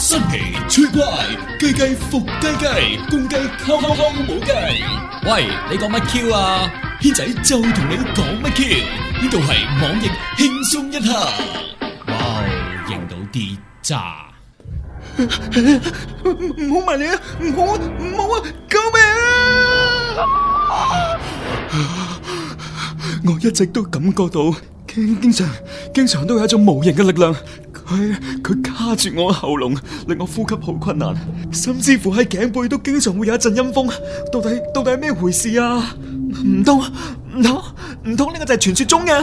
新奇趣怪，雞雞伏雞雞，公雞敲敲敲冇雞。喂，你講乜 Q 啊？軒仔就同你講乜 Q？呢度係網易輕鬆一刻。哇哦，認到啲渣。唔好埋嚟啊！唔好啊，唔好啊！救命啊！ 我一直都感覺到經經常經常都有一種無形嘅力量。佢佢卡住我喉嚨，令我呼吸好困難，甚至乎喺頸背都經常會有一陣陰風。到底到底係咩回事啊？唔通唔通唔通呢個就係傳說中嘅、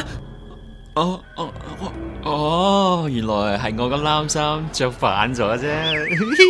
哦？哦哦哦，原來係我嘅冷衫着反咗啫。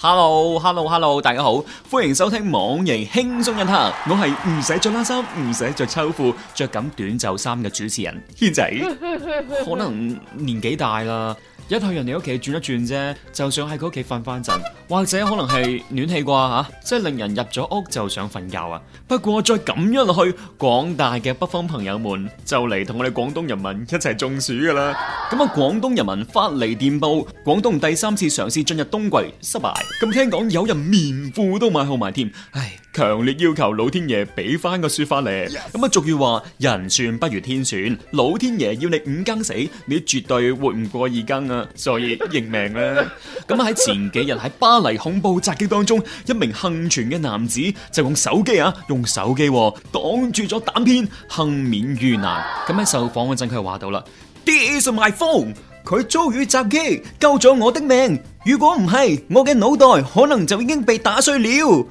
hello hello hello，大家好，歡迎收聽網型輕鬆一刻，我係唔使着冷衫，唔使着秋褲，着緊短袖衫嘅主持人軒仔， 可能年紀大啦。一去人哋屋企轉一轉啫，就想喺佢屋企瞓翻陣，或者可能係暖氣啩嚇，即係令人入咗屋就想瞓覺啊！不過再咁樣落去，廣大嘅北方朋友們就嚟同我哋廣東人民一齊中暑噶啦！咁啊，廣東人民發嚟電報：廣東第三次嘗試進入冬季失敗。咁聽講有人棉褲都買好埋添，唉。強烈要求老天爺俾翻個書翻嚟，咁啊 Yes! 俗語話人算不如天算，老天爺要你五更死，你絕對活唔過二更啊！所以認命啦。咁喺、 嗯、前幾日喺巴黎恐怖襲擊當中，一名幸存嘅男子就用手機啊，用手機擋、啊、住咗彈片，幸免於難。咁、嗯、喺受訪嗰陣，佢就話到啦 ，This is my phone。佢遭遇襲擊，救咗我的命。如果唔係，我嘅腦袋可能就已經被打碎了。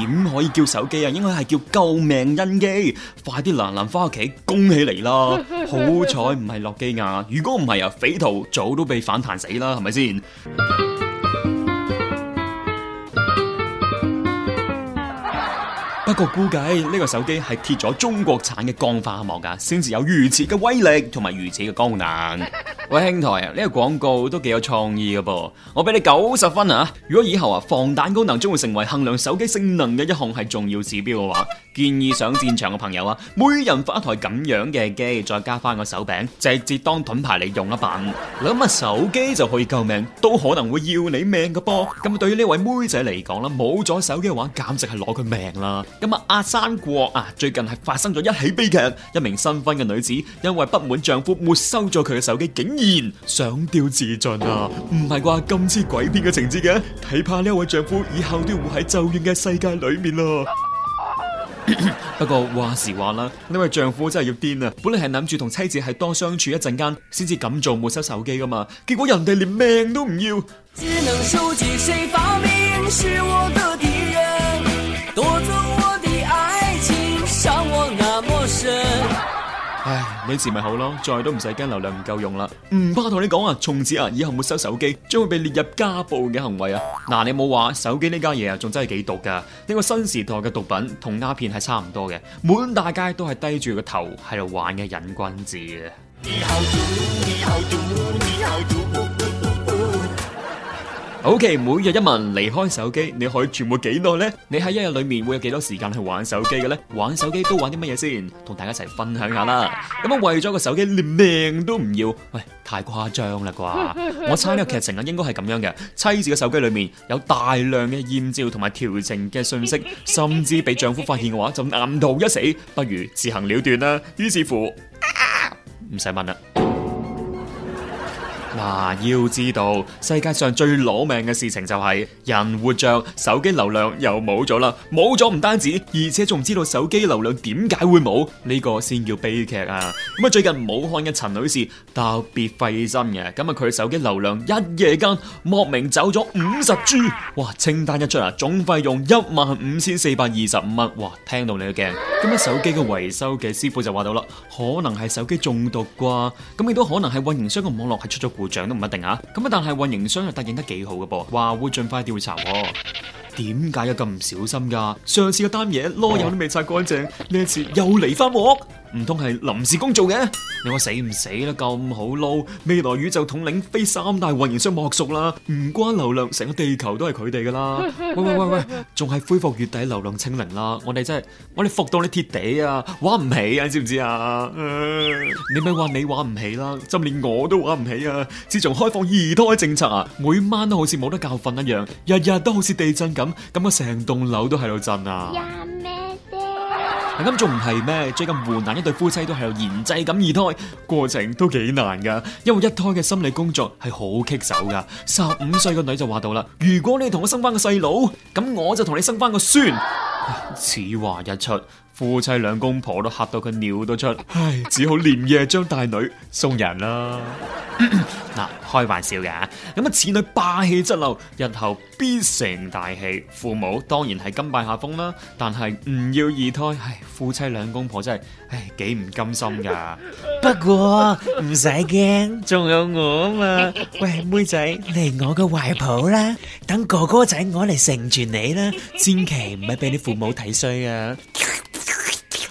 點可以叫手機啊？應該係叫救命恩機！ 快啲蘭蘭翻屋企，恭喜你啦！ 好彩唔係諾基亞，如果唔係啊，匪徒早都被反彈死啦，係咪先？ 不過估計呢個手機係貼咗中國產嘅鋼化膜噶、啊，先至有如此嘅威力同埋如此嘅功能。 喂，兄台啊，呢個廣告都幾有創意嘅噃，我俾你九十分啊！如果以後啊，防彈功能將會成為衡量手機性能嘅一項係重要指標嘅話，建議上戰場嘅朋友啊，每人發一台咁樣嘅機，再加翻個手柄，直接當盾牌嚟用啦吧。咁啊，手機就可以救命，都可能會要你命嘅噃。咁啊，對於呢位妹仔嚟講啦，冇咗手機嘅話，簡直係攞佢命啦。咁啊，阿山國啊，最近係發生咗一起悲劇，一名新婚嘅女子因為不滿丈夫沒收咗佢嘅手機，竟上吊自盡啊！唔係啩，今次鬼片嘅情節嘅、啊，睇怕呢位丈夫以後都要活喺咒怨嘅世界裏面咯、啊。 不過話時話啦，呢位丈夫真係要癲啊！本嚟，係諗住同妻子係多相處一陣間，先至咁做沒收手機噶嘛，結果人哋連命都唔要。只能收集啲字咪好咯，再都唔使驚流量唔夠用啦，唔怕同你講啊，從此啊以後沒收手機，將會被列入家暴嘅行為啊！嗱，你冇話手機呢家嘢啊，仲真係幾毒噶，呢個新時代嘅毒品同鴉片係差唔多嘅，滿大街都係低住個頭喺度玩嘅癮君子啊！Ok，每日一問，離開手機，你可以存活幾耐呢？你喺一日裏面會有幾多時間去玩手機嘅呢？玩手機都玩啲乜嘢先？同大家一齊分享下啦。咁樣為咗個手機連命都唔要，喂，太誇張啦啩？我猜呢個劇情啊，應該係咁樣嘅。妻子嘅手機裏面有大量嘅艷照同埋調情嘅信息，甚至俾丈夫發現嘅話，就難逃一死，不如自行了斷啦。於是乎，唔使問啦。啊，要知道世界上最攞命嘅事情就係人活着，手機流量又冇咗啦，冇咗唔單止，而且仲唔知道手機流量點解會冇，呢個先叫悲劇啊！咁啊，最近武漢嘅陳女士特別費心嘅，咁啊，佢手機流量一夜間莫名走咗五十 G，哇！清單一出啊，總費用一萬五千四百二十五蚊，哇！聽到你嘅驚，咁啊，手機嘅維修嘅師傅就話到啦，可能係手機中毒啩，咁亦都可能係運營商嘅網絡係出咗故。長都唔一定啊，咁啊但係運營商又答應得幾好嘅噃，話會盡快調查啊。點解有咁唔小心噶啊？上次個單嘢，囉柚都未擦乾淨，呢一次又嚟翻鑊。唔通係臨時工做嘅？你話死唔死啦？咁好撈，未來宇宙統領非三大運營商莫屬啦！唔關流量，成個地球都係佢哋噶啦！喂 喂喂喂，仲係恢復月底流量清零啦！我哋真係，我哋服到你貼地啊！玩唔起啊，知唔知啊？呃、你咪話你玩唔起啦，啊，就連我都玩唔起啊！自從開放二胎政策啊，每晚都好似冇得教訓一樣，日日都好似地震咁，咁我成棟樓都喺度震啊！ 咁仲唔係咩？最近湖南一對夫妻都係有延滯咁二胎，過程都幾難噶。因為一胎嘅心理工作係好棘手噶。十五歲個女就話到啦：如果你同我生翻個細佬，咁我就同你生翻個孫。 此話一出。夫妻兩公婆都吓到佢尿都出，唉，只好連夜將大女送人啦。嗱，開玩笑噶，咁啊，此女霸氣側漏，日後必成大器，父母當然係甘拜下風啦。但係唔要二胎，唉，夫妻兩公婆真係唉幾唔甘心噶。不過唔使驚，仲有我吖嘛。喂，妹仔嚟我嘅懷抱啦，等哥哥仔我嚟成全你啦，千祈唔係俾你父母睇衰啊。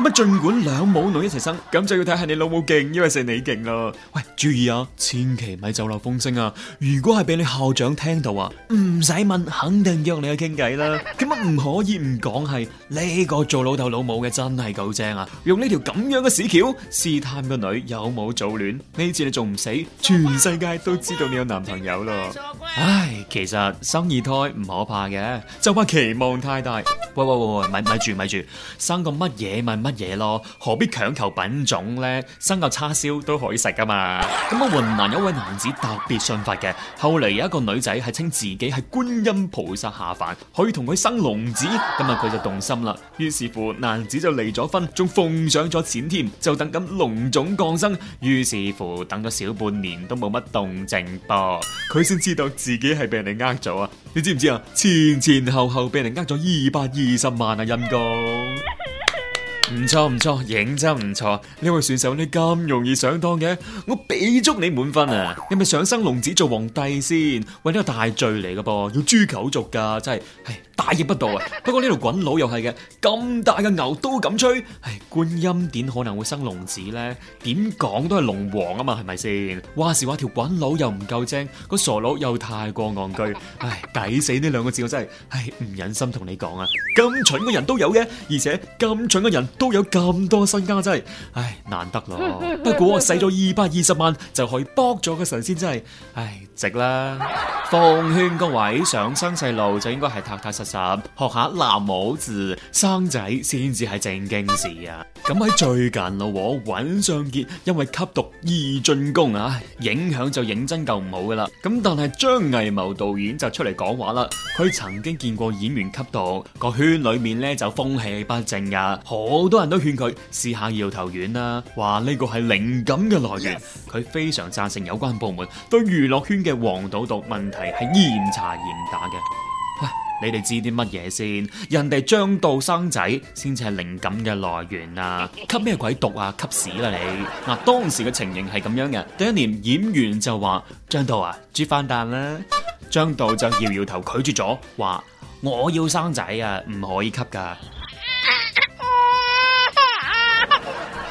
咁啊，儘管兩母女一齊生，咁就要睇下你老母勁，因為係你勁咯。喂，注意啊，千祈咪走漏風聲啊！如果係俾你校長聽到啊，唔使問，肯定約你去傾計啦。咁咪唔可以唔講？係呢個做老豆老母嘅真係夠精啊！用呢條咁樣嘅屎橋試探個女有冇早戀，呢次你仲唔死？全世界都知道你有男朋友咯！唉，其實生二胎唔可怕嘅，就怕期望太大。喂喂喂喂，咪咪住咪住，生個乜嘢咪？嘢咯，何必強求品種呢？生個叉燒都可以食噶嘛。咁啊，雲南有位男子特別信佛嘅，後嚟有一個女仔係稱自己係觀音菩薩下凡，可以同佢生龍子，咁啊佢就動心啦。於是乎，男子就離咗婚，仲奉上咗錢添，就等緊龍種降生。於是乎，等咗小半年都冇乜動靜噃，佢先知道自己係俾人哋呃咗啊！你知唔知啊？前前後後俾人呃咗二百二十萬啊，陰公。唔錯唔錯，認真唔錯。呢位選手你咁容易上當嘅，我俾足你滿分啊！你咪想生龍子做皇帝先？喂，呢個大罪嚟噶噃，要誅九族噶，真係係大逆不道啊！不過呢條滾佬又係嘅，咁大嘅牛都敢吹，唉，觀音點可能會生龍子咧？點講都係龍王啊嘛，係咪先？話時話條滾佬又唔夠精，個傻佬又太過戇居，唉，抵死呢兩個字我真係唉唔忍心同你講啊！咁蠢嘅人都有嘅，而且咁蠢嘅人，都有咁多身家，真係唉難得咯。不過我使咗二百二十萬就可以剝咗個神仙，真係唉值啦。奉勸各位想生細路，就應該係踏踏實實學下男母字，生仔先至係正經事啊。咁喺最近咯，尹相傑因為吸毒二進宮啊，影響就認真夠唔好噶啦。咁但係張藝謀導演就出嚟講話啦，佢曾經見過演員吸毒，個圈裏面咧就風氣不正啊，好。好多人都勸佢試下搖頭丸啦、啊，話呢、這個係靈感嘅來源。佢 Yes. 非常贊成有關部門對娛樂圈嘅黃賭毒問題係嚴查嚴打嘅。喂，你哋知啲乜嘢先？人哋張導生仔先至係靈感嘅來源啊！吸咩鬼毒啊？吸屎啦、啊、你！嗱、啊，當時嘅情形係咁樣嘅，第一年演員就話張導啊，煮翻蛋啦。張導就搖搖頭拒絕咗，話我要生仔啊，唔可以吸噶。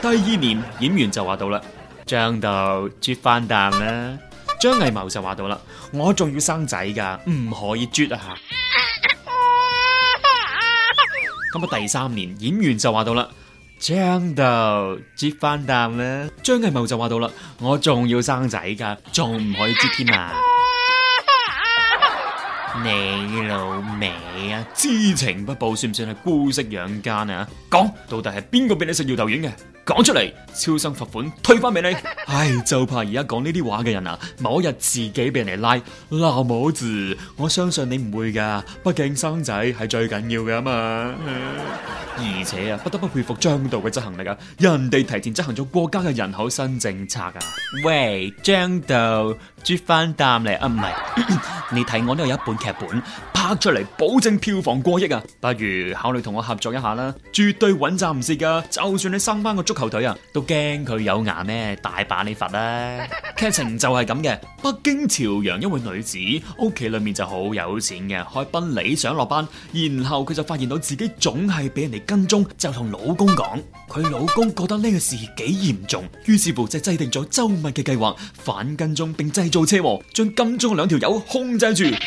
第二年演員就話到啦，張導啜翻啖啦！張藝謀就話到啦，我仲要生仔噶，唔可以啜啊！咁啊，第三年演員就話到啦，張導啜翻啖啦！張藝謀就話到啦，我仲要生仔噶，仲唔可以啜添啊！ 你老味啊！知情不報算唔算係姑息養奸啊？講到底係邊個俾你食搖頭丸嘅？講出嚟，超生罰款推翻俾你。 唉，就怕而家講呢啲話嘅人啊，某日自己俾人嚟拉。那母字，我相信你唔會噶，畢竟生仔係最緊要嘅啊嘛。嗯、 而且啊，不得不佩服張導嘅執行力啊，人哋提前執行咗國家嘅人口新政策啊。喂，張導，接翻擔嚟啊！唔係，你睇我呢度有一本劇本，拍出嚟保證票房過億啊！不如考慮同我合作一下啦，絕對穩賺唔蝕噶。就算你生翻個足。後腿啊，都驚佢有牙咩？大把你罰啦，啊！劇 情就係咁嘅。北京朝陽一位女子屋企裏面就好有錢嘅，開賓利上落班。然後佢就發現到自己總係俾人哋跟蹤，就同老公講。佢老公覺得呢個事幾嚴重，於是乎就制定咗周密嘅計劃，反跟蹤並製造車禍，將跟蹤嘅兩條友控制住。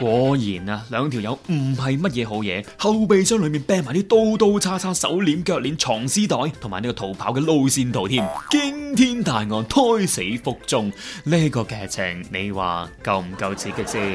果然啊，兩條友唔係乜嘢好嘢，後備箱裏面掟埋啲刀刀叉叉、手鏈腳鏈、藏屍袋同埋呢個。逃跑嘅路線圖添，驚天大案胎死腹中，呢個劇情你話夠唔夠刺激先？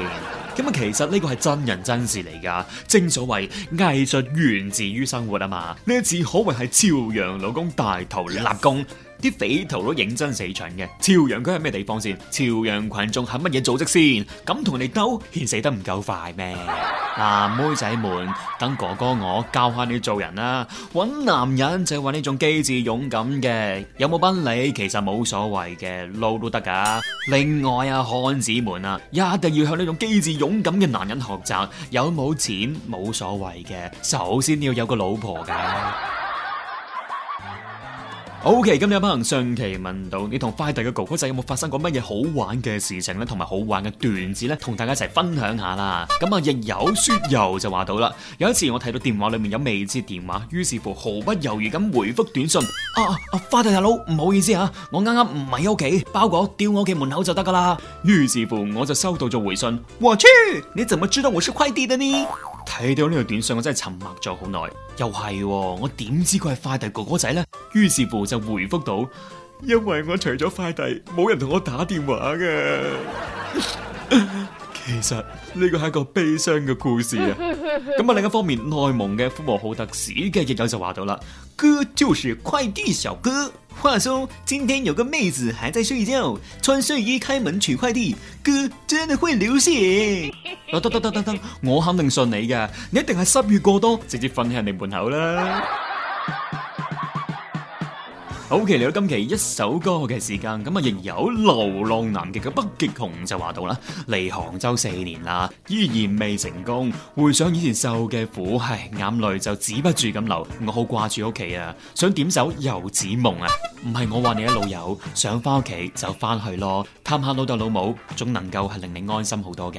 咁啊，其實呢個係真人真事嚟㗎，正所謂藝術源自於生活啊嘛，呢一次可謂係朝陽老公大頭立功。Yes. 啲匪徒都認真死蠢嘅。朝陽區係咩地方先？朝陽群眾係乜嘢組織先？咁同你鬥，嫌死得唔夠快咩？ 啊，妹仔們，等哥哥我教下你做人啦。搵男人就搵呢種機智勇敢嘅，有冇賓禮其實冇所謂嘅，撈都得噶。另外啊，漢子們啊，一定要向呢種機智勇敢嘅男人學習。有冇錢冇所謂嘅，首先要有個老婆嘅。Ok，今日有朋友上期問到你同快遞嘅哥哥仔有冇發生過乜嘢好玩嘅事情咧，同埋好玩嘅段子咧，同大家一齊分享下啦。咁啊，日有說有就話到啦，有一次我睇到電話裏面有未接電話，於是乎毫不猶豫咁回覆短信。啊啊，啊，快遞大佬唔好意思啊，我啱啱唔喺屋企，包裹丟我嘅門口就得噶啦。於是乎我就收到咗回信，我去，你怎麼知道我是快遞的呢？睇到呢條短信，我真係沉默咗好耐。又係、哦，我點知佢係快遞哥哥仔咧？於是乎就回覆到，因為我除咗快遞，冇人同我打電話㗎。 其實呢個係一個悲傷嘅故事啊。咁啊，另一方面，內蒙嘅呼和浩特市嘅日友就話到啦：哥 就是快遞小哥。話說，今天有個妹子還在睡覺，穿睡衣開門取快遞，哥真的會流血。當當當當當，我肯定信你嘅，你一定係失血過多，直接瞓喺人哋門口啦。 好，嚟咗，okay, 今期一首歌嘅時間，咁、嗯、啊，亦有流浪南極嘅北極熊就話到啦，嚟杭州四年啦，依然未成功，回想以前受嘅苦，唉，眼淚就止不住咁流，我好掛住屋企啊，想點首遊子夢啊，唔係我話你一老友，想翻屋企就翻去咯，探下老豆老母，總能夠係令你安心好多嘅。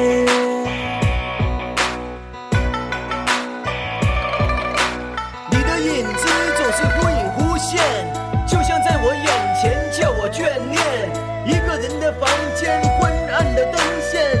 眷戀一個人的房間，昏暗的燈線。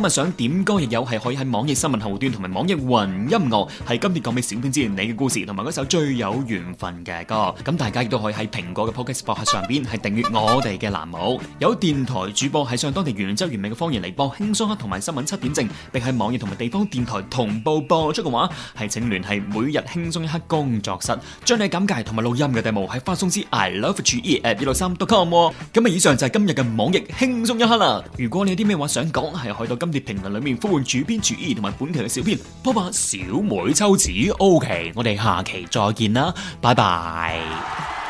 今日想點歌亦有，係可以喺網易新聞後端同埋網易雲音樂，係今次講俾小編知你嘅故事同埋嗰首最有緣分嘅歌。咁大家亦都可以喺蘋果嘅 Podcast Box 上邊係訂閱我哋嘅欄目。有電台主播係上當地原汁原味嘅方言嚟播，輕鬆一刻同埋新聞七點正，並喺網易同埋地方電台同步播出嘅話，係請聯繫每日輕鬆一刻工作室，將你簡介同埋錄音嘅地步係發送至 iLoveChuE.263.com。咁、哦、啊，以上就係今日嘅網易輕鬆一刻啦。如果你有啲咩話想講，係去到今。喺評論裏面呼喚主編、主義同埋本期嘅小編，泡泡小妹秋子，OK，我哋下期再見啦，拜拜。